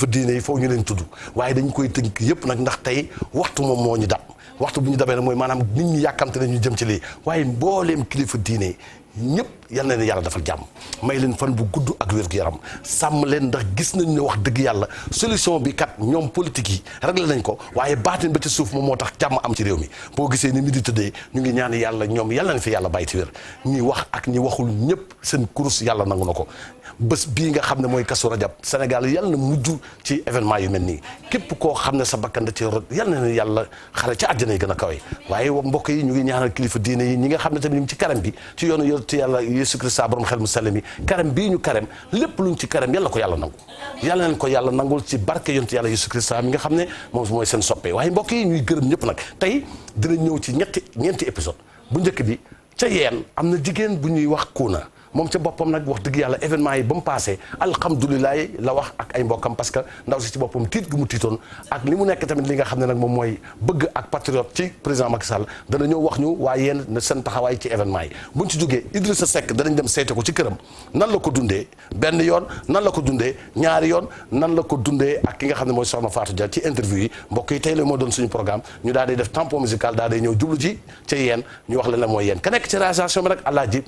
dafa diine yi foo ñu leen tudd waaye dañ koy tënk yëpp nag ndax tey waxtu moom moo ñu dab waxtu bu ñu dabee nag mooy maanaam nit ñu yàkkamte nañu jëm ci lii waaye mbooleem kilifa diine ñëpp yal na leen yàlla defal jàmm may leen fan bu gudd ak wér-gu-yaram sàmm leen ndax gis nañ ne wax dëgg yàlla solution bi kat ñoom politique yi réglé nañ ko waaye baatin ba ci suuf moom moo tax jàmm am ci réew mi boo gisee ni mi di tëddee ñu ngi ñaan yàlla ñoom yal nañ fi yàlla bàyyi ci wér ñi wax ak ñi waxul ñëpp seen kurus yàlla nangu na ko bés bii nga xam ne mooy kasu rajab Sénégal yal na mujj ci événement yu mel nii képp koo xam ne sa bakkan da ci yal yàlla xale a kawe waaye mbokk yi ñu ngi kilifa diine yi nga xam ne tamit ñu ngi ci bi ci yoonu yonent yàlla Yesu Christa borom xel mu sell mi karem bii ñu karem lépp luñ ci karem yàlla ko yàlla nangu yàlla leen ko yàlla nangul ci barke yonent yàlla Yesu Christa mi nga xam ne moom mooy seen soppe waaye mbokk yi ñuy gërëm ñëpp nag tey dinañ ñëw ci ñetti ñeenti épisode bu njëkk bi ca yeen am na jigéen bu ñuy wax kuuna moom ca boppam nag wax dëgg yàlla événement yi ba mu passé alhamdulilah la wax ak ay mbokkam parce que ndaw si ci boppam tiit gi mu tiitoon ak li mu nekk tamit li nga xam ne nag moom mooy bëgg ak patriote ci président Macky Sall dana ñëw wax ñu waa yéen na seen taxawaay ci événement yi buñ ci jógee Idrissa Seck danañ dem seete ko ci këram nan la ko dundee benn yoon nan la ko dundee ñaari yoon nan la ko dundee ak ki nga xam ne mooy Soxna Fatou j ci interview yi mbokk yi tey la moo doon suñu programme ñu daal di def tampon musical daal di ñëw jublu ji ca yéen la la mooy yéen nekk ci réalisation bi nag Alaaji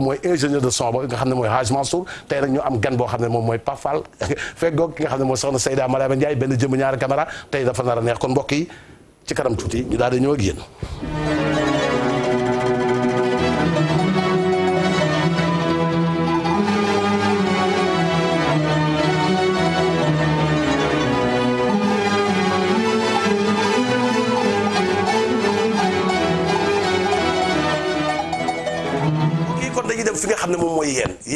mooy ingénieur de son nga xam ne mooy Hadj Mansour tey nag ñu am gan boo xam ne moom mooy Pape Fall feggoog ki nga xam ne mooy soxna Seyda Mariama Ndiaye benn jëmm ñaari caméra tey dafa nar a neex kon mbokk yi ci kanam tuuti ñu daal di ñëw ak yéen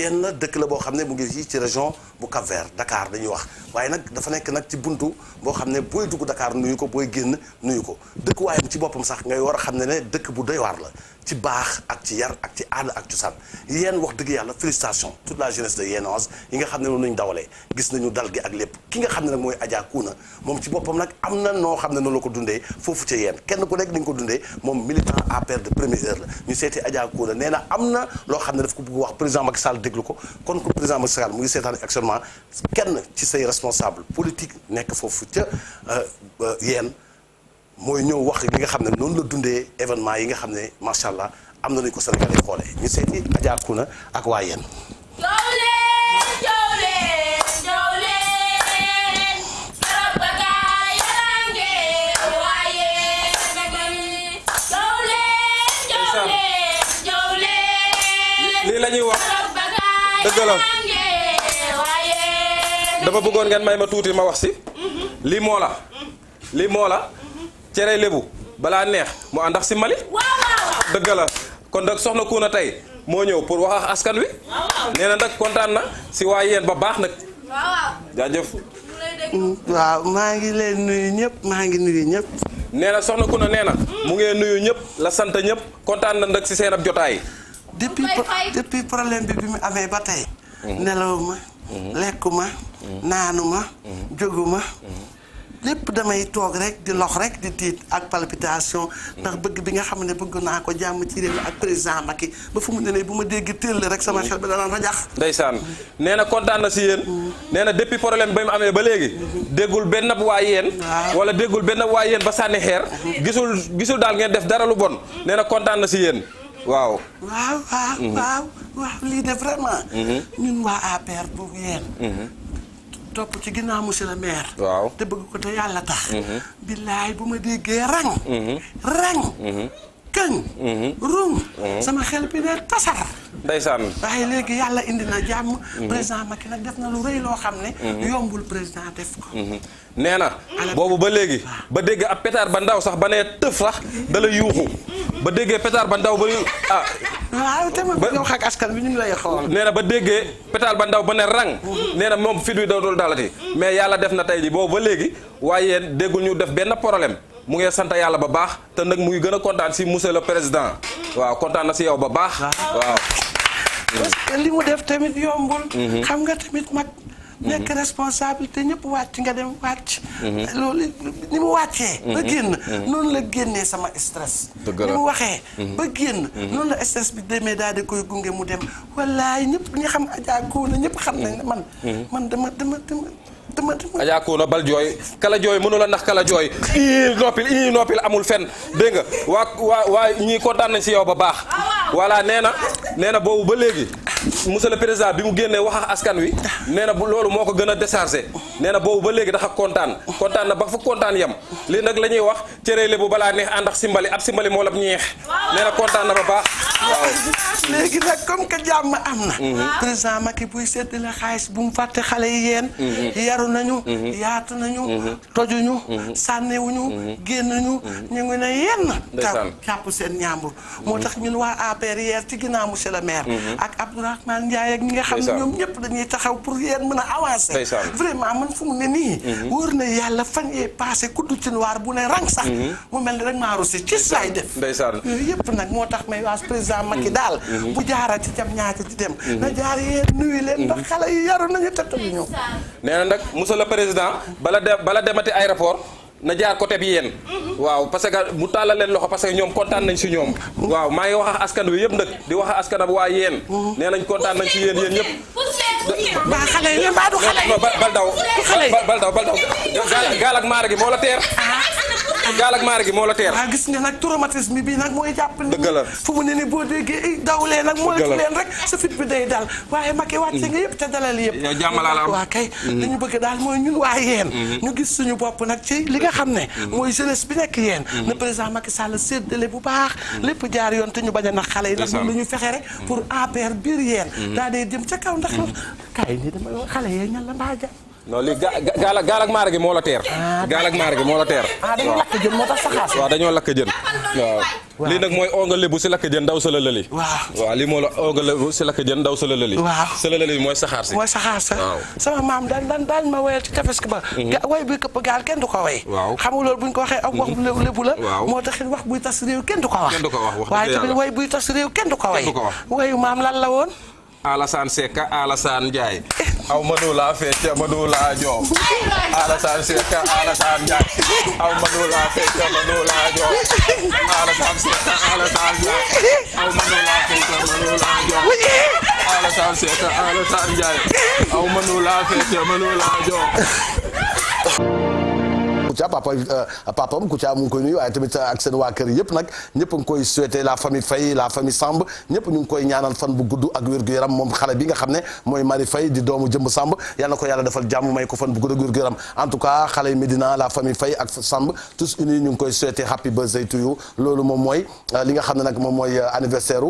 benn dëkk la boo xam ne mu ngi fii ci région bu Cap Vert Dakar dañuy wax waaye nag dafa nekk nag ci buntu boo xam ne booy dugg dakaar nuyu ko booy génn nuyu ko dëkkuwaayam ci boppam sax ngay war a xam ne ne dëkk bu doy la ci baax ak ci yar ak ci aada ak cosaan yéen wax dëgg yàlla félicitation toute la jeunesse de Yénoise yi nga xam ne noonu lañu dawalee gis nañu dal gi ak lépp ki nga xam ne nag mooy Adja moom ci boppam nag am na noo xam ne noonu la ko dundee foofu ca yéen kenn ku nekk ni nga ko dundee moom militant APR de première heure la ñu seeti Adja Kouna na am na loo xam ne daf ko bëgg wax président Macky Sall déglu ko kon ko président Macky m mu ngi seetaan actuellement kenn ci say responsable politique nekk foofu ca euh, euh, yéen mooy ñëw wax li nga xam ne noonu la dundee événement yi nga xam ne macha allah am na nañu ko Sénégal yi xoolee ñu seeti Adja Kouna ak waa yéen. lii la ñuy wax dëgg la dama bëggoon ngeen may ma tuuti ma wax si. Mhm. lii moo la mhm. lii moo la. cere lébu balaa neex mu ànd ak si Mali. dëgg la kon nag soxna na tey moo ñëw pour wax ak askan wi. nee na nag kontaan na si waa yéen ba baax nag. jaajëf. waaw maa ngi leen nuyu ñëpp maa ngi nuyu ñëpp. nee na soxna Kouna nee na. mu ngeen nuyu ñëpp la sant ñëpp kontaan na nag si seen ab jotaay. depuis depuis problème bi bi mu amee ba tey. Mm-hmm. nelaw ma. Mm-hmm. lekku ma. Mm-hmm. naanu ma. jógu ma. lépp damay toog rek di lox rek di tiit ak palpitation ndax bëgg bi nga xam ne bëgg naa ko jàmm ci réew mi ak président Macky ba fu mu ne nii bu ma dégg teel rek sama xel bi danaan rajax ndeysaan nee na kontaan na si yéen nee na depuis ba mu amee ba léegi déggul benn waa yéen wala déggul benn waa yéen ba sànni xeer gisul gisul daal ngeen def dara lu bon na kontaan na si yéen waaw waaw waaw mhm. waaw lii de vraiment mhm. ñun waa APR bu yéen mhm. topp ci ginnaaw monsieur le maire. waaw te bëgg ko te yàlla tax. Mhm. billaay bu ma déggee rang. Mhm. rang. Mhm. kañ. rung. sama xel bi ne tasar. ndeysaan. waaye léegi yàlla indi na jàmm. président Macky nag def na lu rëy loo xam ne. yombul président def ko. nee boobu ba léegi ba dégg ab pétard ba ndaw sax ba nee tëf sax da yuuxu ba déggee pétard ba ndaw ba ah waaw te ma bi ñu ngi lay xool. nee ba déggee pétale ba ndaw ba ne rang. Mm. nee na moom fit wi dootul dalati. Mm. mais yàlla def na tey ji boobu ba léegi waaye déggul ñu def benn problème mu ngi sant yàlla ba baax te nag mu ngi gën a kontaan si monsieur le président mm. waaw kontaan na si yaw ba baax. waaw parce que li mu def tamit yombul. Mm-hmm. xam nga tamit mag. nekk responsabilité ñëpp wàcc nga dem wàcc. Mhm. loolu li mu wàccee. ba mhm. génn mhm. noonu la génnee sama stress. ni mu waxee. ba génn noonu la stress bi demee daal di koy gunge mu dem wallaay ñëpp ñi xam Adja Koné ñëpp xam nañ ne man. man dama dama dama. ajaa koona bal jooy kala jooy mënu la ndax kala jooy i noppil i noppil amul fen dégg nga waa waa waa ñii kontaan nañ si yow ba baax voilà nee na nee na boobu ba léegi monsieur le président bi mu génnee wax ak askan wi nee na moo ko gën a na boobu ba léegi dafa kontaan kontaan na ba fa kontaan yam lii nag la ñuy wax cëreele bu balaa neex ànd ak simbali ab la ñeex nee na ba baax waaw léegi nag comme que jàmm am na mhm. président Macky buy séddale xaalis bu mu fàtte xale yi yéen mhm. yaru nañu mhm. yaatu nañu mhm. tojuñu mhm. sànniwuñu génnuñu ñu ngi ne yenn ta jàpp seen ñaambur moo tax ñun waa APR yeer ci ginnaaw monsieur le maire ak Abdourahmane Ndiaye ak ñi nga xam ne ñoom ñëpp dañuy taxaw pour yéen mën a avancer vraiment man fu mu ne nii wóor na yàlla fan yee passé kudd ci noir bu ne rang sax mu mel ni rek maa rusi ci lay def yooyu yëpp nag moo tax may waas ma Macky daal bu jaara ci jam ñaata ci dem na jaar yee nuyu leen ndax xale yi yaru monsieur le président bala de bala demati aéroport na jaar côté bi yéen. waaw parce que mu tàllal loxo parce que ñoom kontaan nañ si ñoom. waaw maa ngi wax ak askan wi yëpp nag di wax ak askanam ba xale ba du xale yi bal daw bal daw bal daw gaal ak maara gi moo la teer. Ah. gaal gis nga nag traumatisme bi nag mooy jàpp. dëgg la fu mu ne nii boo déggee eh, dawlee nag. dëgg la mooy leen rek sa fit bi day dal waaye Macky wàcce nga yëpp te dalal yëpp. waa kay. dañu mm-hmm. bëgg daal mooy ñun waa yéen. Mm-hmm. ñu gis suñu bopp nag ci li nga xam ne mooy jeunesse bi nekk yéen na mm. président Macky Sall séddale bu baax mm. lépp jaar yoon te ñu bañ a na xale yi ndax ñun lu ñu fexe rek mm. pour APR biir yéen daa dee jëm ca kaw ndax kaay ni dama xale yee ñan la mbaa ja non lii gaal gaal ak maara gi moo la teer. Ah, gaal ak maara gi moo la teer. ah dañoo lakk jën moo tax saxaas. waaw dañoo lakk jën waaw. lii nag mooy ongale bu si lakk jën ndaw sala lëli. waaw waaw lii moo la ongale bu si lakk jën daw sala lëli. waaw sala lëli mooy saxaar si. mooy saxaar sa sama maam daan daan daan ma woyal ci tefes ba. Mhm. way bi këpp gaal kenn du ko way. waaw xam nga loolu bu ñu ko waxee ak wax mhm. bu la. waaw moo taxit wax buy tas réew kenn du ko wax. ko wax wax dëgg yàlla waaye way buy tas réew kenn du ko way. kenn ko wax wayu maam lan la woon Alassane Seck Alassane Ndiaye aw manu laa fecc manu Kouthia papa euh, papam Kouthia mu ngi koy nuyu waaye tamit euh, ak waa kër yëpp nag ñëpp a ngi koy souhaité la famille Faye la famille Samb ñëpp ñu ngi koy ñaanal fan bu gudd ak wér yaram moom xale bi nga xam ne mooy Marie Faye di doomu jëmb Samb yal na ko yàlla defal jàmm may ko fan bu gudd ak wér yaram en tout cas xale yi Medina la famille Faye ak Samb tous unis ñu ngi koy souhaité happy birthday to you loolu moom mooy euh, li nga xam ne nag moom mooy anniversaire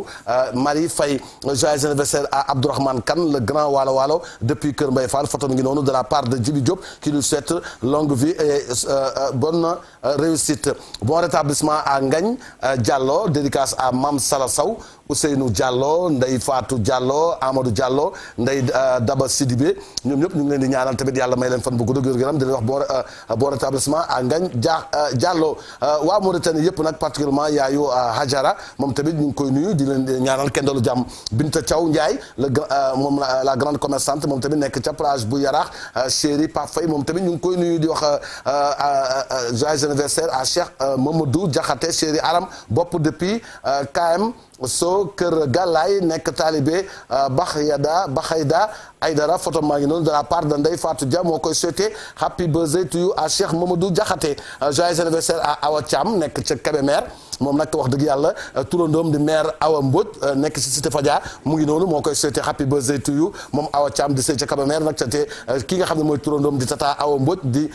Euh, euh, bonne euh, réussite bon rétablissement à Ngagne Diallo dédicace à Mame Sala saw Ousseynou Diallo Ndeye Fatou Diallo Amadou Diallo Ndeye euh, Daba Sidibé ñoom ñëpp ñu ngi leen di ñaanal tamit yàlla may leen fan bu gudd ak wér-gu-yaram di leen wax bon euh, bon rétablissement à Ngagne Dia euh, Diallo waa Mauritanie yëpp nag particulièrement yaayu Hajara moom tamit ñu ngi koy nuyu di leen ñaanal kenn dalu jàmm Binta Thiaw njaay la moom la grande commerçante moom tamit nekk ca plage bu Yaraax chéri Pape Faye moom tamit ñu ngi koy nuyu di wax joyeux anniversaire à Cheikh Mamadou Diakhaté chéri Aram bopp depuis KM so kër gàllaay nekk taalibe euh, Baxyada Baxayda Aydara photo maa ngi noonu de la part de Ndeye Fatou Dia moo koy souhaité happy birthday to you à Cheikh Mamadou Diakhaté euh, joyeux anniversaire à Awa Thiam nekk ca Kébémer moom nag wax dëgg yàlla euh, turandoom di maire Awa Mbodj nekk ci Cité Fadia mu ngi noonu moo koy souhaité happy birthday to you moom Awa Thiam di sëy ca Kébémer nag ca te ki nga xam ne mooy turandoom di tata Awa Mbodj di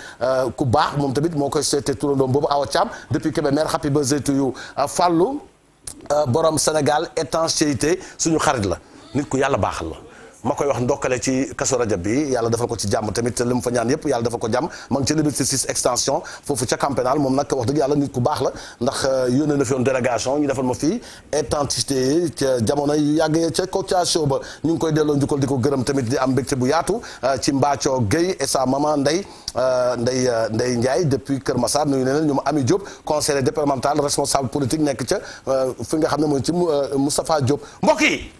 ku baax moom tamit moo koy souhaité turandoom boobu Awa Thiam depuis Kébémer happy birthday to you Fallou Euh, borom Sénégal étanchéité suñu xarit la nit ku yàlla baaxal la ma koy wax ndokkale ci kaso rajo bi yàlla defal ko ci jàmm tamit li mu fa ñaan yëpp yàlla defal ko jàmm ma ngi ci liberté 6 extension foofu ca camp pénal moom nag wax dëgg yàlla nit ku baax la ndax euh, yónnee na fi woon délégation ñu defal ma fii intensité jamono yu yàggee ca cotation ba ñu ngi koy delloo njukkal di ko gërëm tamit di am mbégte bu yaatu euh, ci Mbathio Guèye et sa maman Ndeye euh, Ndeye Ndeye Ndiaye depuis Kër ma nuyu na leen ñu ma Ami Diop conseiller départemental responsable politique nekk ca fi nga xam ne mooy ci Moustapha Diop mbokk yi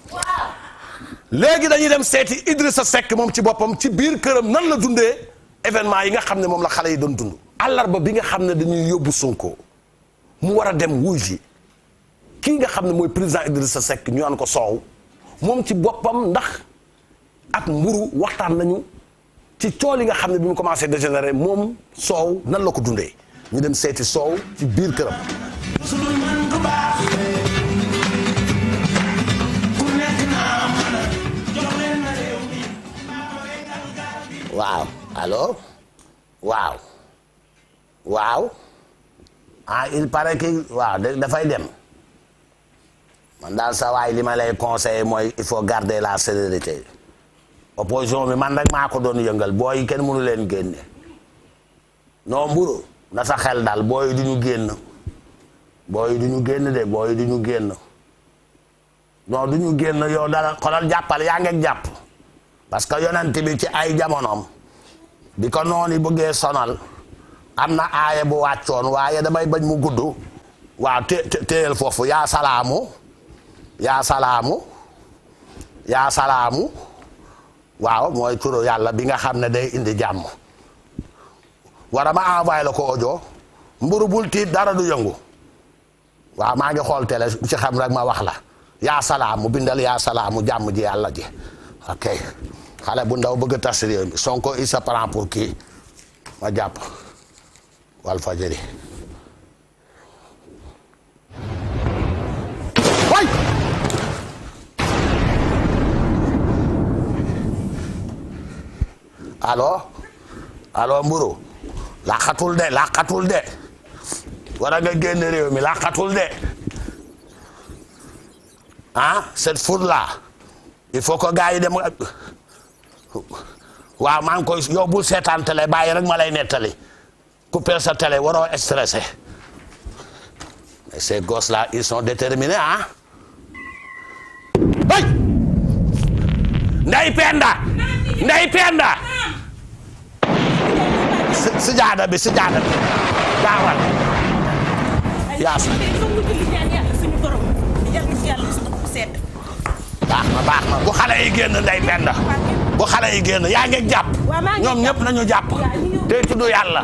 léegi dañuy dem seeti Idrissa sekk moom ci boppam ci biir këram nan la dundee événement yi nga xam ne moom la xale yi doon dund àllarba bi nga xam ne dañuy yóbbu Sonko mu war a dem wuy ji kii nga xam ne mooy président Idrissa sekk ñu an ko soow moom ci boppam ndax ak mburu waxtaan lañu ci tool yi nga xam ne bi mu commencé dégénérer moom soow nan la ko dundee ñu dem seeti soow ci biir këram allo waaw waaw ah il paraît que waaw dafay dem man daal sa waay li ma lay conseiller mooy il faut garder la sérénité opposition bi man rek maa ko doon yëngal booy kenn mënu leen génne non mburu na sa xel daal booy du ñu génn booy du ñu génn de booy du ñu génn non du ñu génn yow dara xolal jàppal yaa ngi jàpp parce que yonent bi ci ay jamonoom bi ko noonu bëggee sonal am na aaya bu wàccoon waaye damay bañ mu gudd waaw té téyel foofu yaa salaamu yaa salaamu yaa salaamu waaw mooy turu yàlla bi nga xam ne day indi jàmm wara ma envoyé la ko audio mburu bul tiit dara du yëngu waaw maa ngi xool télé ci xam rek ma wax la yaa salaamu bindal yaa salaamu jàmm ji yàlla ji ok xale bu ndaw bëgg a tas réew mi Sonko il se prend pour kii ma jàpp Walfadjri way allo allo mburu laqatul de laqatul de wara nga génn réew mi laqatul de ah cette foule là il faut que gars yi dem waaw maa ngi koy seetaan télé bàyyi rek ma lay nettali couper sa télé waroo stressé mais ces gosses là ils sont déterminés ah. nday penda nday penda si si si jaada bi baax na bu xale yi génn nday penda. bu xale yi génn yaa ngi jàpp ñoom ñëpp nañu jàpp tey tudd yàlla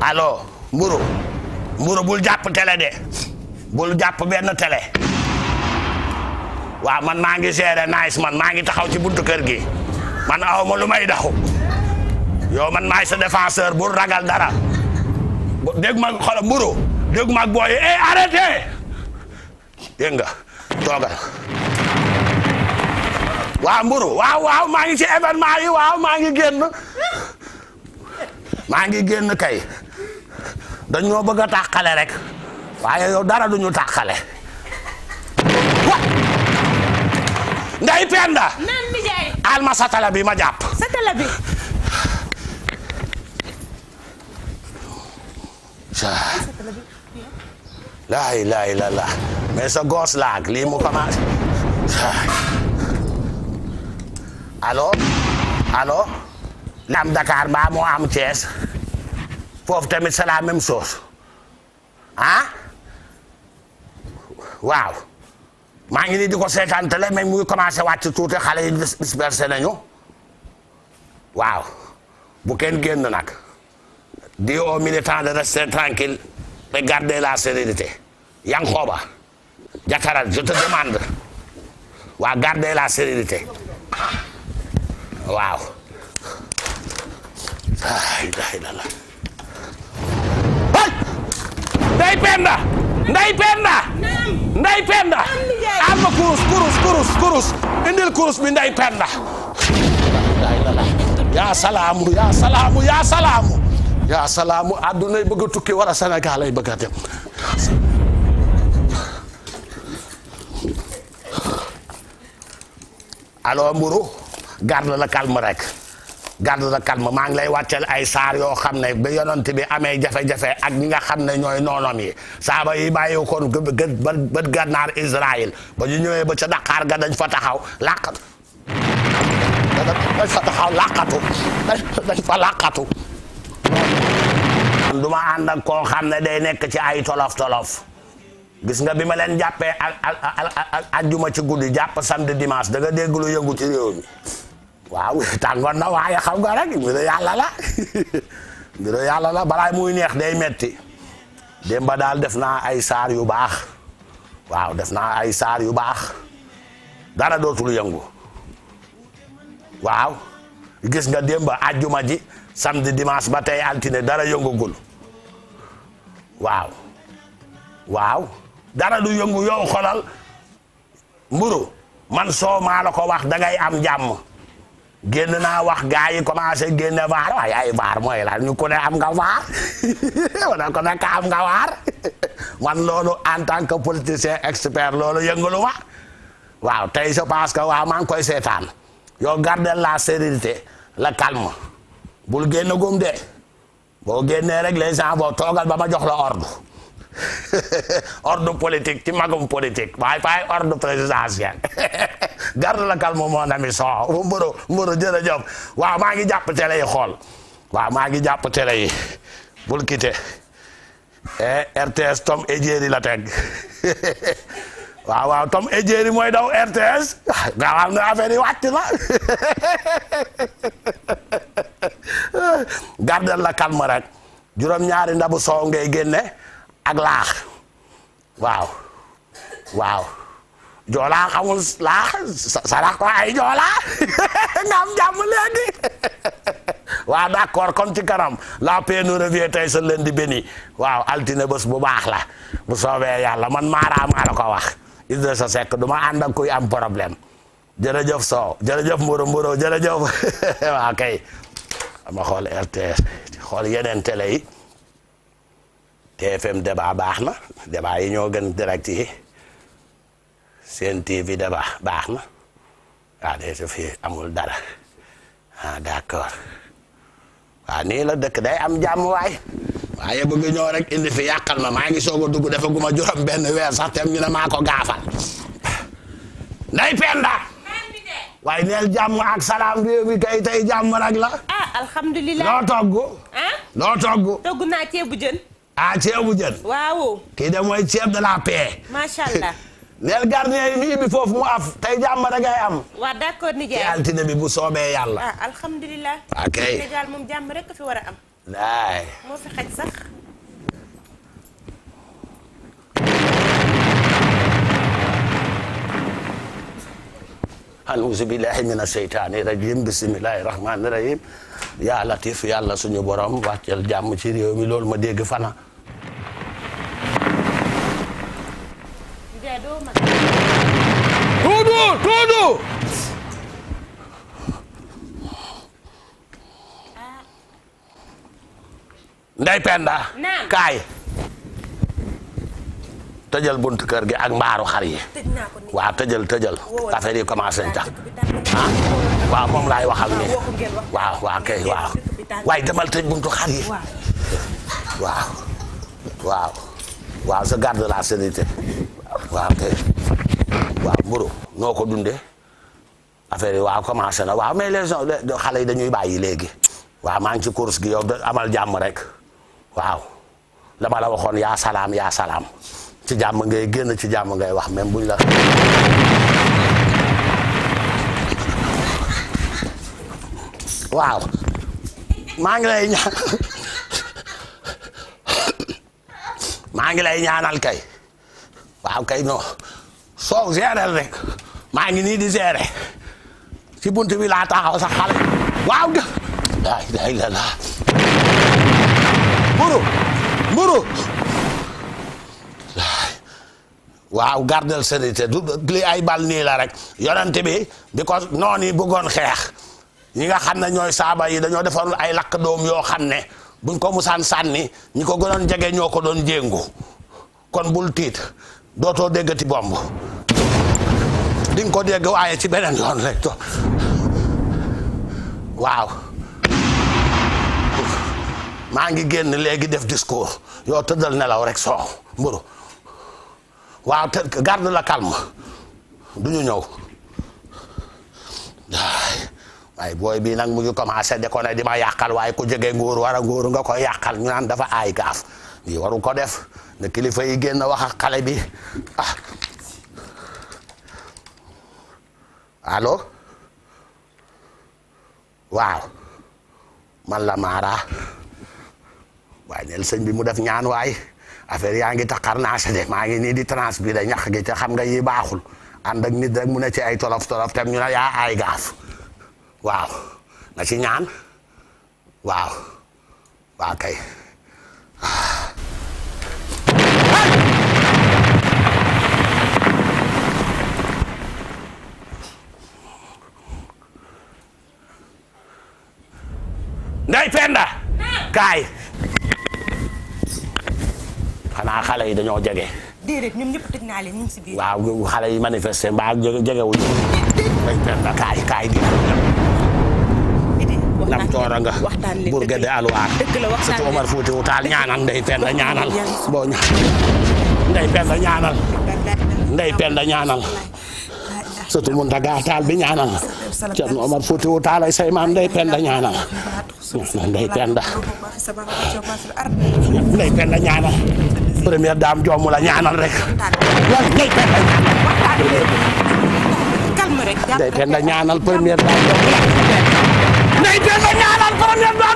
allo mburu mburu bul jàpp télé de bul jàpp benn tele waaw man maa ngi seere nice man maa ngi taxaw ci buntu kër gi man aw ma lu may daxu yow man maay sa défenseur bu ragal dara dégg ma xola mburu dégg ma booy yi eh arrêté dégg waaw mburu waaw waaw maa ngi ci événement yi waaw maa ngi génn maa ngi génn kay dañoo bëgg a tàqale rek waaye yow dara duñu tàqale nday penda alma satala ma jàpp laay laay la la mais sa gos laag lii mu commencé allo allo li am Dakar mbaa moo am Thiès foofu tamit c'est la même chose ah waaw maa ngi nii di ko seetaan télé mais muy commencé wàcc tuuti xale yi dispersé nañu waaw bu kenn génn nag dit aux militants de rester tranquille et garder la sérénité Yankoba Diatara je demande waa garder la waaw ay ay Penda Ndey Penda Ndey Penda am na kurus salaamu ya salaamu ya salaamu yaa salaamu àdduna bëgg a tukki war a Sénégal ay bëgg a dem alors mburu garde la kalm rek garde la calme maa ngi lay wàccel ay saar yoo xam ne ba yonent bi amee jafe-jafe ak ñi nga xam ne ñooy noonam yi saaba yi bàyyi koon bët gànnaar Israël ba ñu ñëwee ba ca Dakar ga dañ fa taxaw làqatu dañ fa taxaw man du ma ànd ak koo xam ne day nekk ci ay tolof tolof gis nga bi ma leen jàppee ak ajjuma ci guddi jàpp samedi dimanche da nga dégg lu yëngu ci réew mi waaw tàngoon na waaye xam nga rek mbiru yàlla la mbiru yàlla la balaay muy neex day metti démba daal def naa ay saar yu baax waaw def naa ay saar yu baax dara dootul yëngu waaw gis nga démba ajjuma ji samedi dimanche ba tey altine dara yëngugul waaw waaw dara du yëngu yow xolal mburu man soo maa la ko wax dangay am jàmm génn naa wax gars yi commencé génne vaar waaye ay vaar mooy la ñu ku am nga vaar wala ku nekk am nga vaar man loolu en tant que politicien expert loolu yëngalu ma waaw tey je pense que waaw koy seetaan yow garder la sérénité le calme bul génn gum de boo génnee rek les toogal ba ma jox la ordre ordre politique ci magum politique waaye fay ordre présidentiel garde la calme mon ami so mboro mboro jërëjëf waaw maa ngi jàpp yi xool waaw maa ngi jàpp yi bul quitté eh, RTS Tom Ejeri la teg waaw waaw Tom Ejeri mooy daw RTS nga affaire yi wàcc na gardel la calme rek juróom-ñaari ndabu soow ngay génne ak laax waaw waaw joolaa xamul laax sarax ko ay joolaa nga am jàmm léegi waaw d'accord comme ci kanam la paix nous revient tey sa leen di waaw altine bés bu baax la bu soobee yàlla man maaraa maa ko wax Idrissa Seck du ma ànd ak kuy am problème jërëjëf soow jërëjëf mburu mburu jërëjëf waaw kay dama xool RTS xool yeneen télé yi TFM débat baax na débat yi ñoo gën direct yi seen TV débat baax na waaw de su fi amul dara ah d'accord waaw nii la dëkk day am jàmm waay waaye bëgg ñoo rek indi fi yàqal ma maa ngi soog a dugg dafa guma juróom benn weer sax tem ñu ne maa ko gaafal nday penda waaye neel jàmm ak salaam réew kay tey jàmm rek la. ah alhamdulilah loo togg. ah loo togg. togg naa ceebu jën. ah ceebu jën. waaw. kii mooy ceeb de la paix. macha allah. neel gardien yi nii foofu mu af tey jàmm rek ay am. waaw d'accord nijaay. ci altine bi bu soobee yàlla. alhamdulillah alhamdulilah. ok ah, fi war a sax. auzu billahi mina seytaani rajim bismillahi rahmaani rahim yaa latif yàlla suñu borom wàccel jàmm ci réew mi loolu ma dégg fana tuudu tuudu ndey penda tëjal buntu kër gi ak mbaaru xar yi waaw tëjal tëjal affaire yi commencé nañ ah waaw moom laay waxal nii waaw waaw kay waaw waaye demal tëj buntu xar yi waaw waaw waaw sa garde la sécurité waaw kay waaw mburu noo ko dundee affaire yi waaw commencé na waaw mais les xale yi dañuy bàyyi léegi waaw maa ngi ci course gi yow amal jàmm rek waaw dama la waxoon yaa salaam yaa salaam ci jàmm ngay génn ci jàmm ngay wax même buñ la. waaw maa ngi lay maa ngi lay ñaanal kay waaw kay non soo gérer rek maa ngi nii di gérer ci bunt bi laata taxaw sax xale waaw ga la ilaha illallah mburu mburu waaw gardel sérénité du li ay bal nii la rek yonent bi bi ko noonu bëggoon xeex ñi nga xam ne ñooy saaba yi dañoo defarul ay lakk doom yoo xam ne buñ ko musaan sànni ñu ko gënoon jege ñoo ko doon jéngu kon bul tiit dootoo déggati bomb di nga ko dégg waaye ci beneen yoon rek to waaw maa ngi génn léegi def discours yoo tëddal nelaw rek soox mburu waaw te garde la calme du ñu ñëw waaye booy bii nag mu ngi commencé di ko ne di ma yàqal waaye ku jege nguur war a nguur nga ko yàqal ñu naan dafa ay gaaf lii waru ko def na kilifa yi génn wax a kale bi ah waaw man la Mara waaye neel sëñ bi mu def ñaan waay. affaire yaa ngi taxar naase de maa ngi nii di transpiré ñax gi te xam nga yi baaxul ànd ak nit rek mu ne ci ay tolof tolof tam ñu ne yaa ay gaaf waaw nga ci ñaan waaw waaw kay Ndey Penda kaay xanaa yi dañoo jege. déedéet xale yi manifester mbaa kaay kaay di lam toora nga burgede alwaar surtout Omar Fouti wu ñaanal ndey penda ñaanal ndey penda ñaanal ndey penda ñaanal bi ñaanal Cerno Omar Fouti wu ay say maam ndey penda ñaanal ndey penda ndey penda ñaanal première dame joomu la ñaanal rek. day penda ñaanal la. ñaanal première dame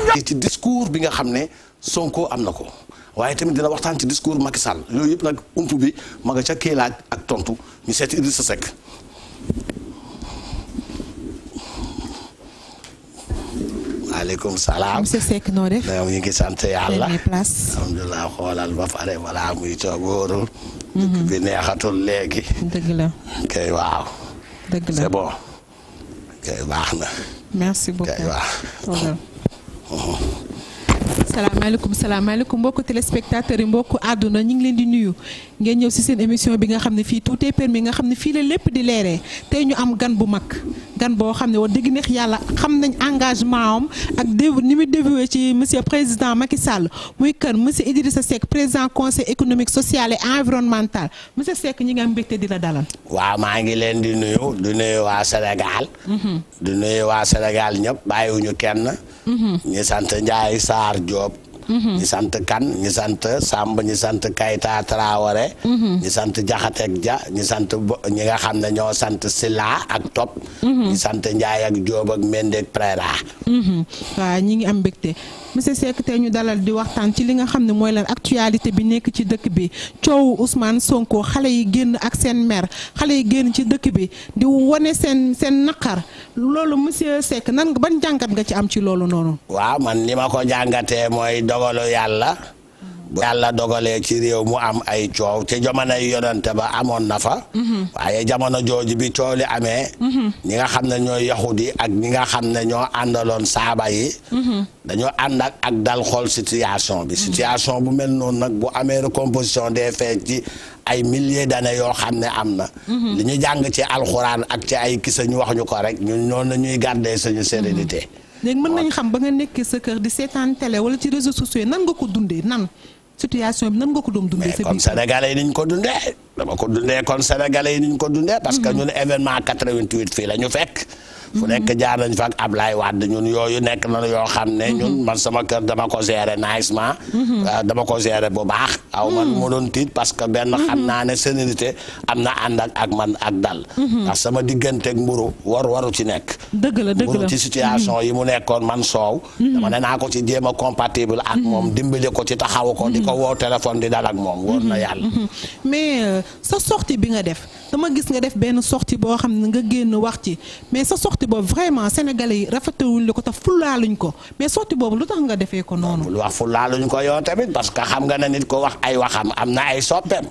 joomu ci discours bi nga xam ne Sonko am na ko waaye tamit dina waxtaan ci discours Macky Sall yooyu yëpp nag ump bi ma nga ak tontu ñu seet Idrissa Seck. waaleykum salaam monsieur Seck noo def. ñu ngi sant yàlla. Mhm. léegi. dëgg la. kay na. merci beaucoup kay waaw. Mhm. salaamaaleykum salaamaaleykum mbokku téléspectateurs yi mbokku àdduna ñu ngi leen di nuyu ngeen ñëw si seen émission bi nga xam ne fii tout est permis nga xam ne fii la lépp di leeree tey ñu am gan bu mag. gan boo xam ne wax dëgg neex yàlla xam nañ engagement am ak déw ni muy dévoué ci monsieur président Macky Sall muy kër monsieur Idrissa Seck président conseil économique social et environnemental monsieur Seck ñi nga mbégte di la dalal. waaw maa ngi leen di nuyu di nuyu waa Sénégal. Mhm. di nuyu waa Sénégal ñëpp bàyyiwuñu kenn. Mhm. ñu sant Ndiaye Sarr Diop. Mm-hmm. ñi sant kan ñi sant Samb ñi sant Kayta Traoré. Mm-hmm. ñi sant Jaxate ak Ja ñi sant ñi nga xam ne ñoo sant Sila ak Top. Mm-hmm. ñi sant Njaay ak Jóob ak Mende ak Préra. waaw ñi ngi am mbégte monsieur Seck tey ñu dalal di waxtaan ci li nga xam ne mooy lan actualité bi nekk ci dëkk bi coowu Ousmane Sonko xale yi génn ak seen mer xale yi génn ci dëkk bi di wane seen seen naqar loolu monsieur Seck nan ban jàngat nga ci am ci loolu noonu. waaw man li ma ko jàngatee mooy dogalu yàlla. bu yàlla dogalee ci réew mu am ay coow ci jamonoy yonante ba amoon na fa mhm. waaye jamono jooju bi coow li amee mhm. ñi nga xam ne ñooy yahudi ak ñi nga xam ne ñoo àndaloon saaba yi mhm. dañoo ànd ak ak dal xool situation bi situation bu mel noon nag bu amee recomposition des faits ci ay milliers d'années yoo xam ne am na li ñu jàng ci alxuraan ak ci ay kisa ñu wax ñu ko rek ñun noonu la ñuy garder suñu sérénité léegi mën nañu xam ba nga nekkee sa kër di seetaan télé wala ci réseaux sociaux nan nga ko dundee nan situation bi nan nga ko doon dundee. sa biir comme sénégalais yi niñ ko dundee dama ko dundee comme sénégalais yi niñ ko dundee. parce que mhm. ñun événement 88 fii la fekk. fu nekk jaar nañ fa ak Ablaye Wade ñun yooyu nekk na yoo xam ne ñun man sama kër dama ko gérer nicement dama ko gérer bu baax aw man mu doon tiit parce que benn xam naa ne sérénité am na ànd ak ak man ak dal ndax sama digganteeg mburu war waru ci nekk dëgg la dëgg la mburu ci situation yi mu nekkoon man soow dama ne naa ko ci jéem a compatible ak moom dimbali ko ci taxawu ko di ko woo téléphone di dal ak moom wóor na yàlla mais euh, sa sortie bi nga def dama gis nga def benn sortie boo xam ne nga génn wax ci mais sa sortie boobu vraiment sénégalais yi rafetewuñ la ko te fulaaluñ ko mais sortie boobu lu tax nga defee ko noonu. lu wax fulaaluñ ko yoo tamit parce que xam nga ne nit ko wax ay waxam am na ay soppeem.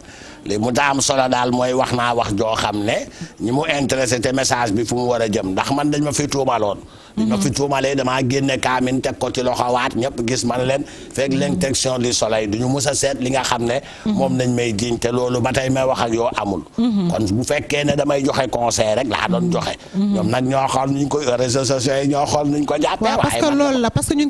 li mu ta am solo daal mooy wax naa wax joo xam ne ñi mu intéressé te message bi fu mu war a jëm ndax man dañ ma fi tuumaloon. dañ ma fi tuumalee damaa génne kaamin teg ko ci loxowaat ñëpp gis man leen fekk l'interdiction du soleil du ñu mus a seet li nga xam ne. moom nañ may jiñ te loolu ba tey may wax ak yoo amul. kon bu fekkee ne damay joxe conseil rek laa doon joxe. ñoom nag ñoo xool nuñ ko réseaux sociaux yi ñoo xool nuñ ko jàppee. waaye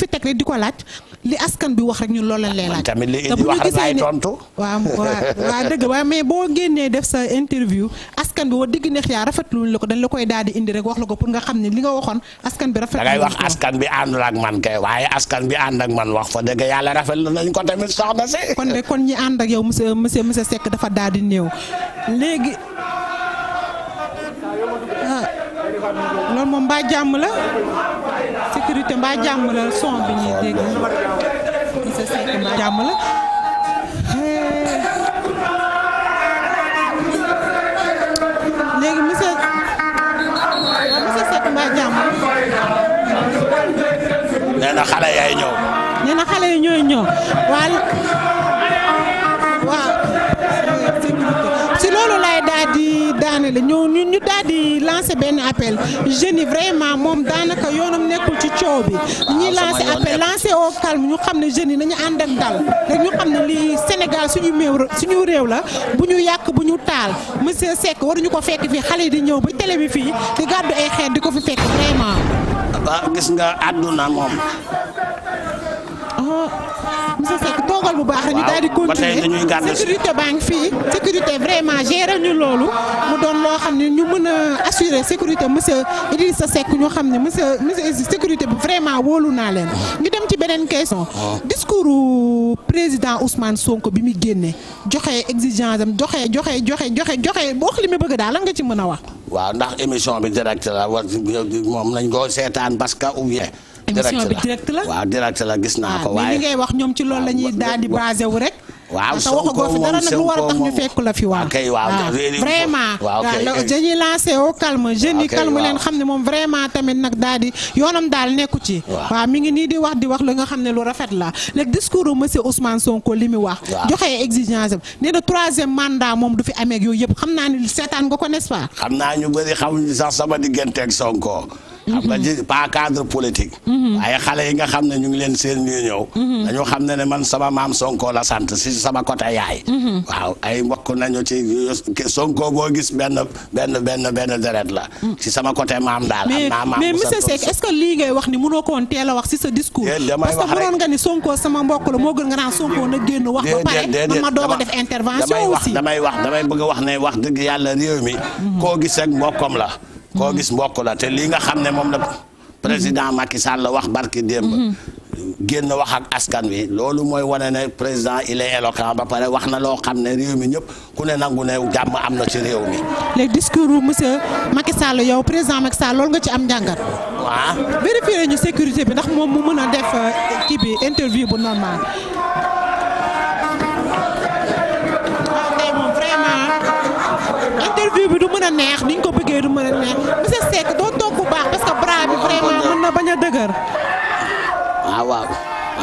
parce que li askan bi wax rek ñun lool lañ lay laaj. Ah, tamit li indi wax rek laay tontu waaw dëgg waaw mais boo génnee def sa interview askan bi wa digg neex yaa rafetlu la ko dañ la koy daal di indi wax la ko pour nga xam ne li nga waxoon askan bi. rafet da ngay wax askan bi àndul ak man waaye askan bi ànd ak man wax fa dëgg yàlla rafetlu nañ ko tamit soxna si. kon de kon ñi ànd ak yow monsieur monsieur monsieur Seck dafa daal di néew léegi. Ah, loolu moom mbaa jàmm la. sécurité mbaa jàmm la son bi ñuy dégg monsieur Seck mbaa jàmm la. léegi monsieur waaw monsieur mbaa jàmm la. nee xale yaay ñëw. ñooy ñëw daane la ñoo di lancer benn appel jeunes vraiment moom daanaka yoonam nekkul ci coow bi ah, ñuy lancer appel lancer au calme ñu xam ne jeunes yi nañu ànd ak dal rek ñu xam ne lii Sénégal suñu méew suñu réew la bu ñu yàq bu ñu taal monsieur Seck waruñu ko fekk fii xale yi di ñëw ba télé bi fii di gàddu ay xeet di ko fi fekk vraiment. Ah, gis nga àdduna moom monsieur Seck toogal bu baax. ñu daal di continuer sécurité baa ngi fii sécurité vraiment gérer ñu loolu mu doon loo xam ne ñu mën a assurer sécurité monsieur sa Seck ñoo xam ne monsieur monsieur sécurité bi vraiment woolu naa leen ñu dem ci beneen question. Oh. discours président Ousmane sonk bi mu génne joxe exigence am joxe joxe joxe joxe joxe boo wax li mu bëgg daal lan nga ci mën a wax. waaw ndax émission bi direct la war moom nañ ko seetaan parce que émission bi direct la waaw direct la gis naa ah, ko. waaye li ngay wax ñoom ci loolu la ñuy daal di basé wu rek. waaw Sonko moom fi dara lu war tax ñu fekk la fi ah, waaw. waaw ah, vraiment. waaw dañuy lancé au calme jeunes yi calme leen xam ne moom vraiment tamit nag daal yoonam daal nekku ci. waaw mi ngi nii di wax di wax li nga xam ne lu rafet la léegi discours monsieur Ousmane Sonko li mu wax. joxe exigence am nee na troisième mandat moom du fi amee ak yooyu yëpp xam naa ni seetaan nga ko n'est-ce pas. xam naa ñu bëri xamuñu sax sama digganteeg Sonko. xam nga pas cadre politique. Mhm. ay xale yi nga xam ne ñu ngi leen seen ñuy ñëw. Mhm. dañoo xam ne ne man sama maam Sonko la sant si sama côté yaay. Mhm. waaw ay mbokk nañu ci Sonko boo gis benn benn benn benn deret la. si sama côté maam daal. am naa maam mais monsieur Seck est-ce que lii ngay wax ni mënoo ko woon a wax si sa discours. parce que mënoon nga ni Sonko sama mbokk la moo gën nga naan Sonko na génn wax. ba pare man ma doog a def intervention wax damay wax damay bëgg wax ne wax dëgg yàlla réew mi. koo gis rek la. koo gis mbokk la te lii nga xam ne moom la président Macky la wax barki démb. génn wax ak askan wi loolu mooy wane ne président il est ba pare wax na loo xam ne réew mi ñëpp ku ne nangu ne jàmm am na ci réew mi. léegi discours u monsieur Macky yow président Macky Sall loolu nga ci am njàngat. waa vérifié ñu sécurité bi ndax moom mu mën a def euh, kii bi interview bu normal. interview bi du mën a neex ni ñu ko bëggee du mën a neex monsieur Seck doo toog bu baax parce que bi vraiment mën na bañ a dëgër. ah waaw.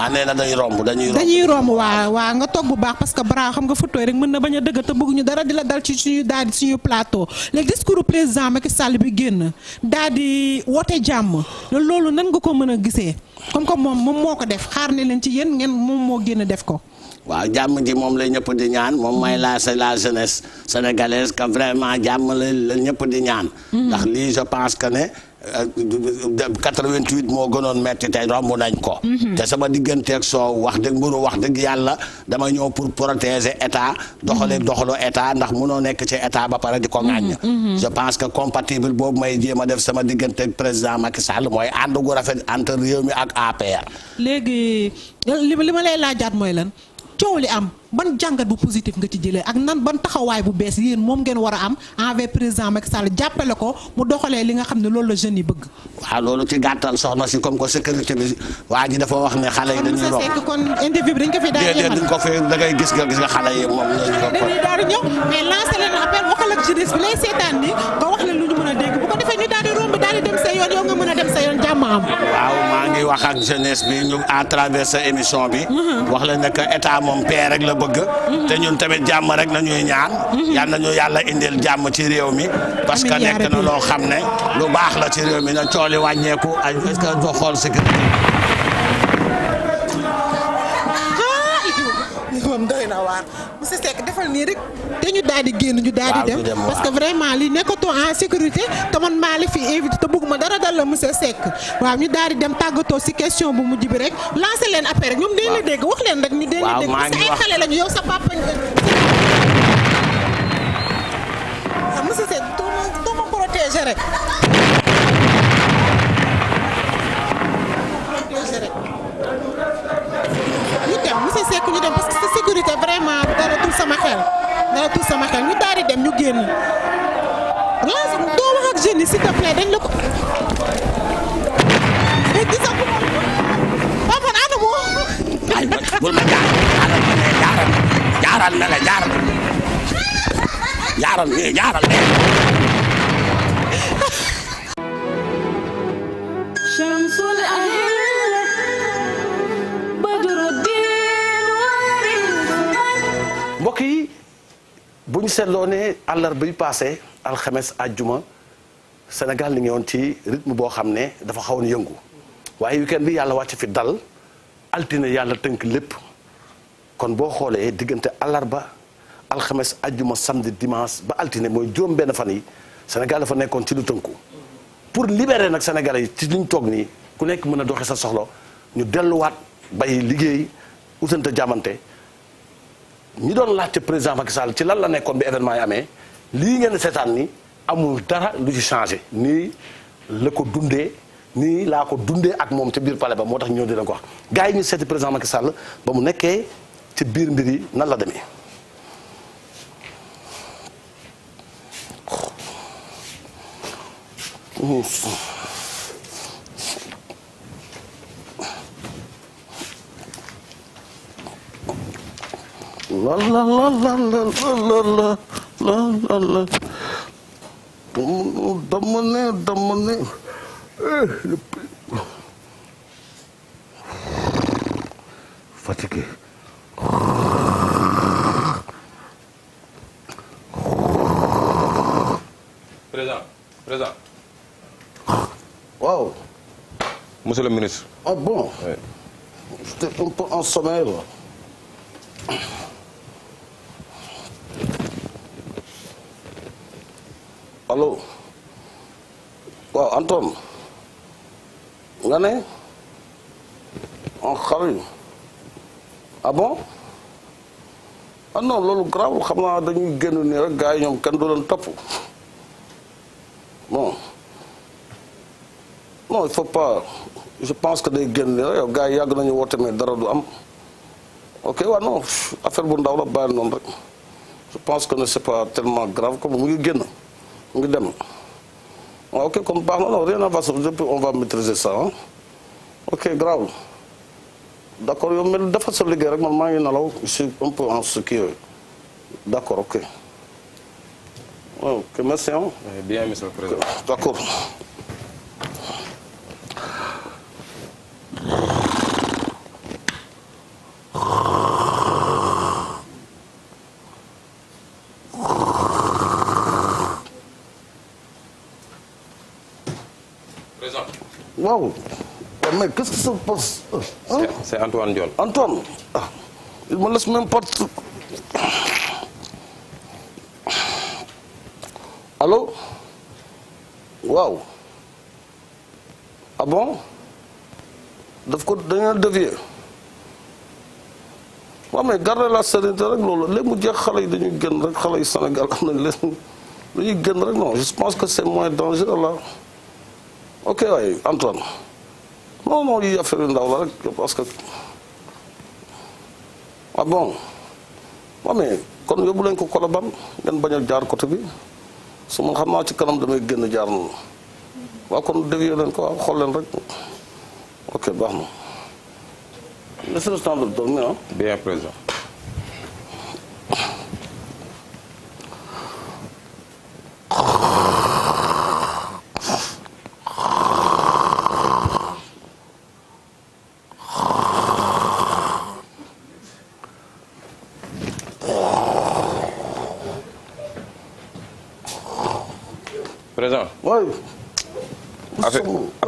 ah nee na dañuy romb dañuy romb dañuy romb waaw waaw nga toog bu baax parce que bras xam nga fauteuil rek mën na bañ a dëgg te bëgguñu dara di la dal ci suñu daal di suñu plateau léegi discours président Macky Sall bi génn daal di woote jàmm loolu nan nga ko mën a gisee comme que moom moom moo ko def xaar ne leen ci yéen ngeen moom moo génn def ko. waaw jàmm ji moom la ñëpp di ñaan moom mooy la la jeunesse sénégalaise que vraiment jàmm la ñëpp di ñaan. Hmm. ndax lii je pense que ne. 88 euh, euh, moo gënoon metti tey romb nañ ko. Hmm. te sama digganteeg soow wax dëgg mënu wax dëgg yàlla dama ñëw pour protéger état. doxalee hmm. doxalu état ndax mënoo nekk ci état ba pare di ko ŋàññ. je pense que compatible boobu may jéem a def sama digganteeg président Macky Sall mooy ànd gu rafet entre réew mi ak APR. léegi li coow li am ban jàngat bu positif nga ci jëlee ak nan ban taxawaay bu bees yéen moom ngeen war a am envers président Macky Sall jàppale ko mu doxalee li nga xam ne loolu la jeunes yi bëgg. waaw loolu ci gàttal soxna si comme que sécurité bi waa ji dafa wax ne xale yi dañuy romb kon interview bi dañ ko fi daal di dañ ko fi da ngay gis nga gis nga xale yi moom dañuy daal di ñëw mais lancer leen appel nga wax leen lu ñu mën a ko defee ñu daal di romb daal dem sa yoon yow nga mën a dem sa yoon jàmm am waaw maa ngi wax jeunesse bi ñu en travers sa émission bi mhm. wax bëgg te ñun tamit jàmm rek na nañuy ñaan yal nañu yàlla indil jàmm ci réew mi parce que nekk na loo xam ne lu baax la ci réew mi na cooli wàññeeku ay est-ce que doo xool sécurité monsieur Seck defal nii rek te ñu daal di génn ñu daal di dem parce que vraiment li nekkatoo en sécurité te man maa la fi invité te bëgguma dara dal la monsieur Seck waaw ñu daal di dem tàggatoo si question bu mujj bi rek lancer leen affaire ñoom dañ la dégg wax leen rek ñu dañ la dégg parce que ay xale lañu yow sa papa monsieur Seck ma protéger rek ñu dem monsieur Seck ñu dem sécurité vraiment dara tul sama xel dara tul sama xel ñu daal di dem ñu génn lance doo wax ak jeunes yi s'il te plaît dañ la ko. Eh, aywa bul ma jaaral jaaral na la jaaral jaaral na eh, la jaaral jaaral bu ñu seetloo ne àllarba bi passé alxemes àjjuma Sénégal ni ngi ci rythme boo xam ne dafa xawoon yëngu waaye weekend bi yàlla wàcc fi dal altine yàlla tënk lépp kon boo xoolee diggante ba alxames àjjuma samedi dimanche ba altine mooy juróom benn fan yi Sénégal dafa nekkoon ci lu tënku pour libérer nag Sénégalais yi ci li ñu toog nii ku nekk mën a doxe sa soxla ñu delluwaat bay liggéey utante jàmmante ñi doon laajte président Macky Sall ci lan la nekkoon bi événement yi amee lii ngeen seetaan ni amul dara lu ci changé nii la ko dundee nii laa ko dundee ak moom ca biir pale ba moo tax ñoo dina ko wax gars yi ñu seeti président Macky Sall ba mu nekkee ci biir mbir yi nan la demee. la la la la la la la la la dama ne dama ne fatigué président président waaw monsieur le ministre ah bon oui. j'étais un peu en sommeil là allo waaw Antoine nga ne on oh, xaruñ ah bon ah non loolu garaawul xam naa dañuy génn nii rek gaa yi ñoom kenn du leen topp bon non il faut pas je pense que day génn nii rek yow gars yàgg nañu woote mais dara du am ok waaw non affaire bu ndaw la bàyyi noonu rek je pense que ne c'est pas tellement grave comme mu ngi génn. ngi dem waaw ah, ok comme baax na non rien à on va maîtriser ça ok garaawul d' accord yow liggéey rek man maa ngi nalaw je un peu en ce qui ok ok merci. Eh bien monsieur waaw mais qu'est-ce que ça passe c'est Antoine Diome Antoine ah il me laisse même pas allo waaw ah bon daf ko dañoo dévier waaw mais garder la sérénité rek loolu léegi mu jeex xale yi dañuy génn rek xale yi Sénégal am nañ leen dañuy génn rek non je pense que c'est moins dangereux ok waay Antoine non non yi affaire ndaw la rek parce que ah bon waaw mais kon yóbbu lañ ko Colobane ngeen bañ a jaar côté bi su man xam naa ci kanam damay génn jaar noonu waaw kon dévié leen ko xool leen rek ok baax na laissez le temps de dormir ah bien présent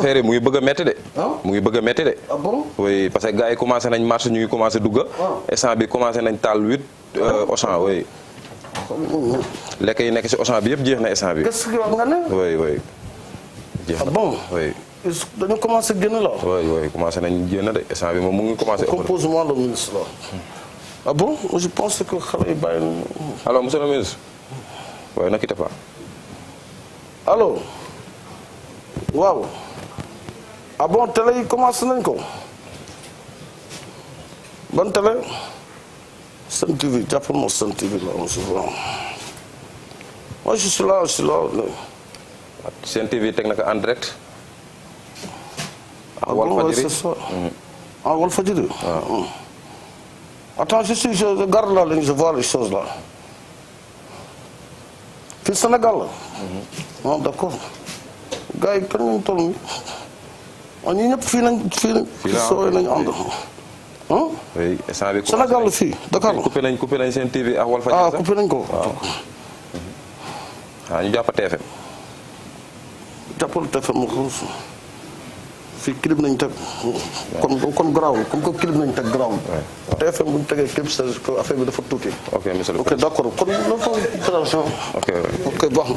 affaire mu ngi bëgg a de. Ah. mu ngi bëgg a métti de. Ah oui parce que gars yi commencé nañ marché ñu ngi commencé dugg. Ah. instant bi commencé nañ taal huit euh, Auchan oui. lekk yi nekk si Auchan bi yëpp jeex na instant bi. qu'est-ce que wax nga na bon oui. dañu commencé la. oui oui commencé nañ génn de instant bi moom mu ngi commencé. composement le ministre la. ah bon je pense que xale yi bàyyi waaye ne quittez pas. waaw. ah bon télé yi commencé nañ ko ban télé Sen TV jàppal ma Sen TV la on se voit moi je suis là je suis là. Sen TV direct. ah bon waaye c'est ça mhm. ah Walfadjri waaw. Hmm. attends je suis je regarde je vois les choses là fii Sénégal la. Mhm. Ah, d'accord gars yi kañ waaw ñun ñëpp fii lañ fii lañ. fii lañ ànd ah. oui instant bi Sénégal la Dakar la coupé nañ coupé nañ seen TV ak Walf ah nañ ko waaw. waaw nañ teg. kon kon garaawul comme que clip nañ teg garaawul. TFM bu ñu tegee clip c' est que affaire bi dafa tuuti. ok monsieur kon loolu foofu. ok ok baax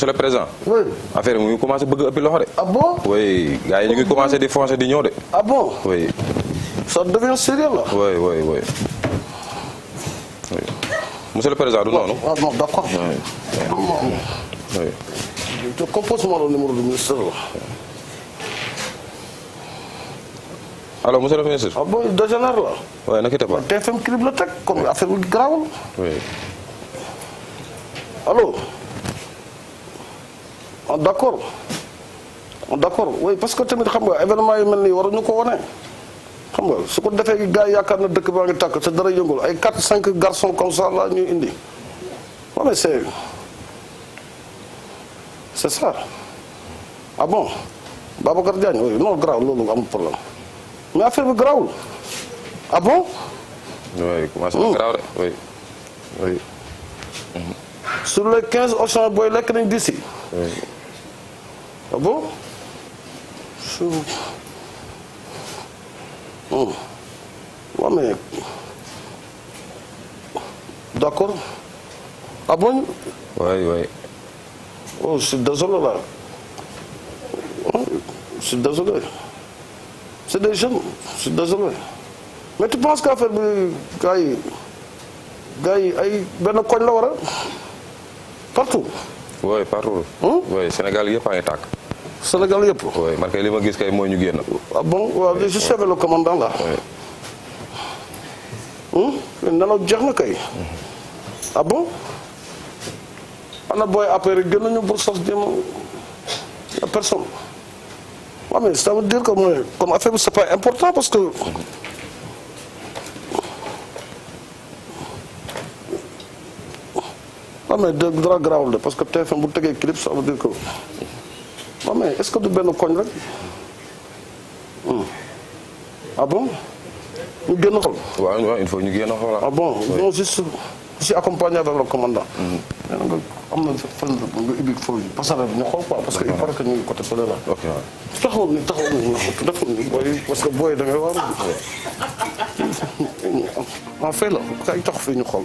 monsieur le président. oui affaire yi mu ngi commencé bëgg a ëppi loxo de. ah bon oui gars yi ñu ngi commencé di foncer di ñëw de. ah bon oui. ça devient sérieux là. oui oui oui. oui. monsieur le président du noonu. ah non d' accord. oui. te composement le numéro du ministère la. alors monsieur le ministre. ah bon dégénère la. oui ne quittez pas. TFM crib la teg comme affaire bi garaawul. oui. allo. Ah, d' accord ah, d' accord oui parce que tamit xam nga événement yu mel nii waruñu ko wane. xam nga su ko defee gars yi na dëkk baa ngi tàkk te dara yëngul ay 4 5 garçons comme ça la ñuy indi wala c' est ça ah bon Babacar Diagne oui non grave loolu amul problème mais affaire bi grawul ah bon. oui commencé na hmm. grave rek oui sur les 15 Auchan booy lekk nañ d'ici. Ah bon je... Hum. Ouais, mais... D'accord. Ah bon Oui, oui. Oh, je suis désolé là. Je suis désolé. C'est des jeunes, je suis désolé. mais bi gars yi gars yi ay benn koñ la war a partout. oui partout. Hmm? oui Sénégal yëpp a ngi tàkk. Sénégal yëpp. oui man kay li ma gis kay mooy ñu génn. ah bon waaw je suis le commandant là. Hmm? nelaw jeex na kay. ah bon. ana booy après gën nañu pour sos dem y a personne. waaw mais ça veut dire que mooy comme affaire bi c'est pas important parce que. waaw mais dara garaawul de parce que TFM bu tegee clip ça veut dire que. waaw mais est-ce que du benn koñ rek hmm. ah bon ñu génn xool. waaw waaw il faut ñu génn xool ah bon non juste je suis accompagné avec le commandant. nee na nga am na fan nga ubbi foofu passerelle bi ñu xool quoi parce que il paraît que ñu ngi côté fële la. ok waaw taxaw ni taxaw ni def ni booy parce que booy da ngay war a. en fait la kay tax fii ñu xool.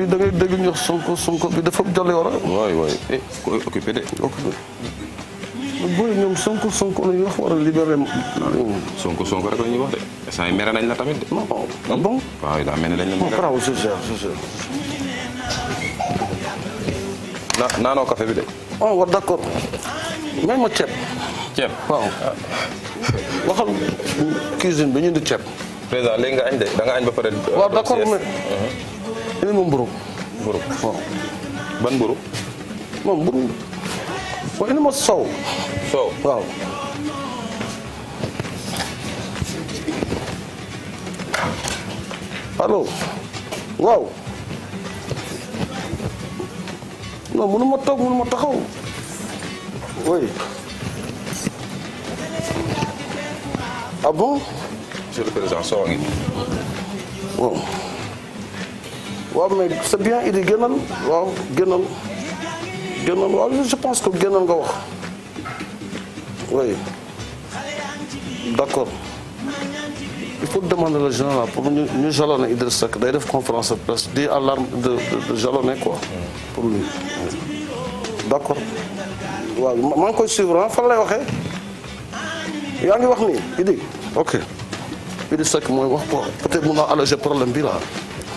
fii da ngay dégg ñu wax Sonko Sonko bi dafa jolli war a. waay waay eh occupé de occupé. booy ñoom Sonko Sonko la ñuy wax war a libéré. Sonko Sonko rek la ñuy wax nañ la tamit de. non ah bon. waaw daa mel ni dañ la mere. bravo c'est cher c'est cher. naa naanoo café bi de. ah oh, war d'accord. may ma ceeb. ceeb waaw. waxal cuisine bi ñu di ceeb. président nga añ de da añ ba pare. waaw d'accord mais. Uh-huh. indi ma mburu mburu waaw oh. ban mburu moom mburu waaw indi ma soow waaw allo waaw non mënu ma toog mënu ma taxaw oui ah bon monsieur le président soow a ngi waaw waaw mais c'est bien Idy génnal waaw génnal génnal waaw je pense que génnal nga wax oui d'accord il faut demander le général pour ñu ñu jalonner Idriss Seck day def conférence de presse di alarme de de jalonner quoi pour lui d'accord waaw maa ngi koy suivre ah fan lay waxee yaa ngi wax nii Idy ok Idriss Seck mooy wax quoi peut-être mun naa alléger problème bi la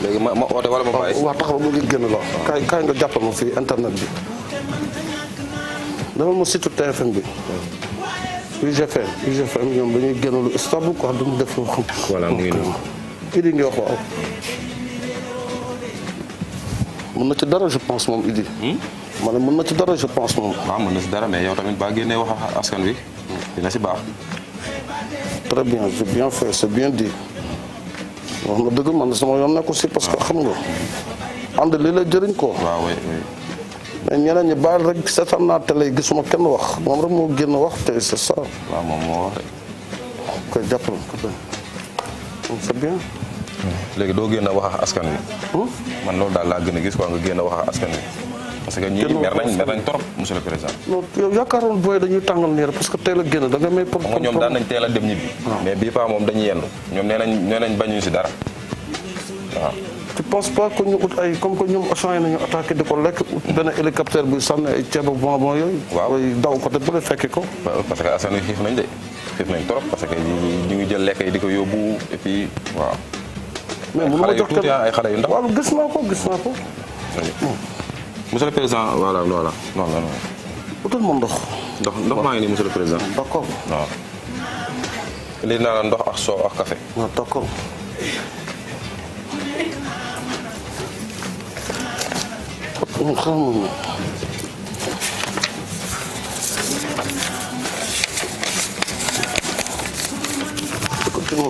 léegi ma ma oote wala ma bàyyi. waaw taxaw bu ngeen génn loo. kaay kaay nga jàppal ma fii internet bi. dama ma surtout TFM bi. UGFM UGFM ñoom dañuy génn lu stable quoi du mu def loo xam. voilà mu ngi noonu. Idi nga wax waaw. mën na ci dara je pense moom Idi. Hmm? ma ne mën na ci dara je pense moom. waaw ah, mën na ci dara mais yow tamit baa génnee wax askan wi. Hmm. dina ci baax. très bien c'est bien fait c'est bien dit. wax nga dëgg man sama yoon nekku si parce que xam nga ànd li la jëriñ ko mais ñeneen ñi baal rek seetaan naa télé yi gisuma kenn wax moom rek moo génn wax te c'est ça waa moom moo wax koy jàppal c'est bien léegi doo a wax ak askan wi hmm? man loolu daal laa gën a gis quoi nga a wax ak askan wi parce que ñii mer nañ mer nañ trop monsieur le président. parce que teel a génn da nga may. pour ah. waaw. tu penses pas ñu ut ay comme que ñoom Auchan yi nañu attaqué di ko lekk ut benn hélicoptère buy sànni ay ceebu bonbon yooyu. daw ko te bu la fekkee ko. parce que askan xiif nañ de xiif nañ trop parce que ñu ngi jël lekk yi di ko yóbbu et puis waaw. mais mënu ma jox ay ah, ay xale yu ndaw. waaw gis naa ko gis naa ko. monsieur le président voilà voilà. non non non. utal ma ndox. ndox ndox maa ngi nii monsieur le président. ndox ah, ko waaw. lii naa la ndox ak soow ak café. waaw ah, ndox ko. xam nga.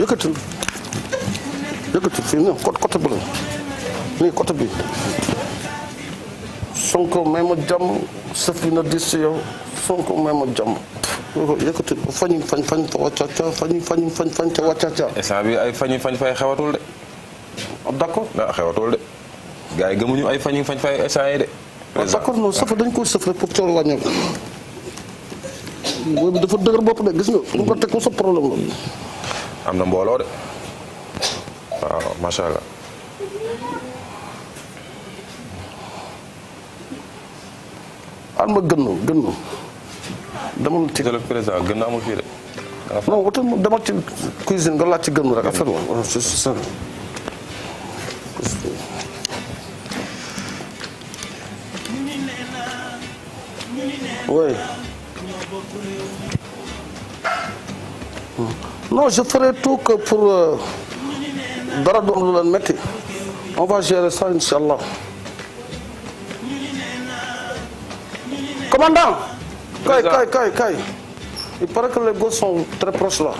yëkkatil yëkkatil fii nii côté côté bu la nii côté bi. Sonko may ma jàmm sëf na dis yow Sonko may ma jàmm. yëkkati fañ fañ fañ fa wàccaca fañ fañ fañ fañ ca wàccaca. instant bi ay fañ fañ fay xewatul de. d'accord ah xewatul de. gars yi gëmuñu ay fañ fañ fay instant yi de. Ah, d'accord non sëf dañ ko sëf rek pour coow wàññeeku. boobu dafa dëgër bopp de gis nga. bu teg ko sa problème la. am na mbooloo de. waaw macha allah. al ma gënnu gënnu. demal ci dialogue président gën amul fii de. non cuisine nga laaj ci gënnu rek affaire je ferai tout que pour euh, dara du am lu leen métti on va gérer ça incha allah. commandant. kay kay kay kay il paraît que les gosses sont très proches là.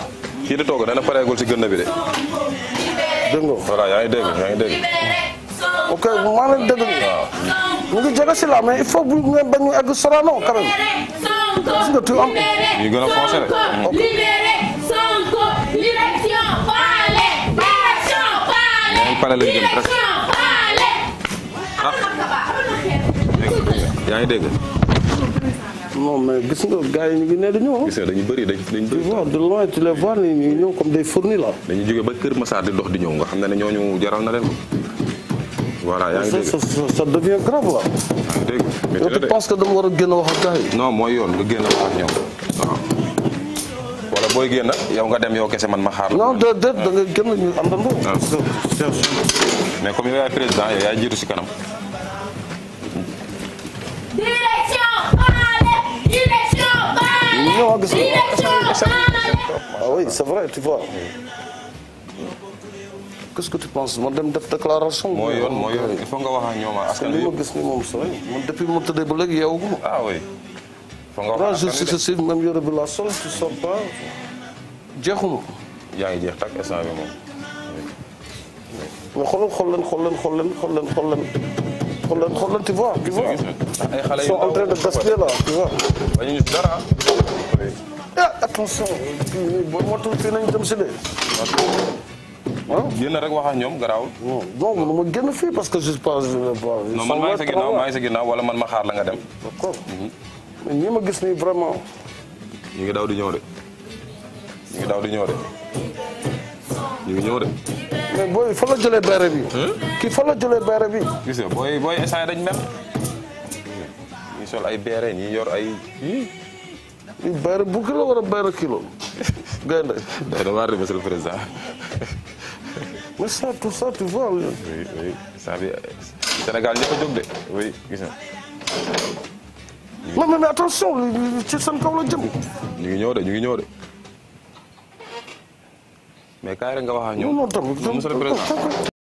kii di toog dana pareegul si gën bi de. dégg nga voilà yaa ngi dégg yaa ngi dégg. ok maa leen dégg. mu ngi jege si la mais il faut bu ngeen bañ a egg Sorano quand même. gis nga tu am. yu gën a foncé rek. pare lañ jëm presque. ah yaa ngi dégg. non mais gis nga gars yi ñu ngi nee dañu ñëw. Ah. nga dañu bëri dañu dañu bëri. de loin tu les vois ñu ñëw comme des fournis là. dañu jógee ba Kër Massar di dox di ñëw nga xam ne ñooñu jaral na leen voilà yaa ngi dégg ça ça devient grave que dama war a génn wax ak mooy yoon nga génn wax ak wala booy génn yow nga dem yow kese man ma xaar. non déet déet da nga génn ñu àndandoo. Ah. mais comme yow yaay président yaay jiitu si kanam. gis ah oui c'est vrai tu vois. qu'est-ce que tu penses man dem def déclaration. mooy yoon mooy yoon il faut nga wax ak ñoom askan li ma gis ni moom sooy man depuis ma tëddee ba léegi yow. ah oui. fa nga wax successive même yore bi la sol tu sors pas jeexuma. yaa ngi jeex tak instant bi moom. mais xoolal xool leen xool leen xool leen xool leen xool leen xool leen xool leen tu vois. tu vois. ay xale yu sont en train de basculer là tu vois. bañu dara. attention booy motul fii nañ dem si de. ah génn rek wax ak ñoom garaawul. non non ma génn fii parce que je suis pas. non man sa ginnaaw maa sa ginnaaw wala man ma xaar la nga dem. d'accord mhm. mais ma gis nii vraiment. ñu ngi daw di ñëw de. ñu ngi daw di ñëw de. ñu ngi ñëw de. mais booy fa la jëlee bayre bi. kii fa la jëlee bayre booy booy instant dañ mer. ñii sol ay bayre ñii yor ay. bayra bu kilo wala bayra kilo gaynde day na waar de monsieur le président tout ça tu vois Sénégal ñëpp a jóg de mais mais attention ci seen kaw la jëm ñu ngi ñëw de ñu ngi ñëw de mais kaay rek nga wax ak ñoom monsieur le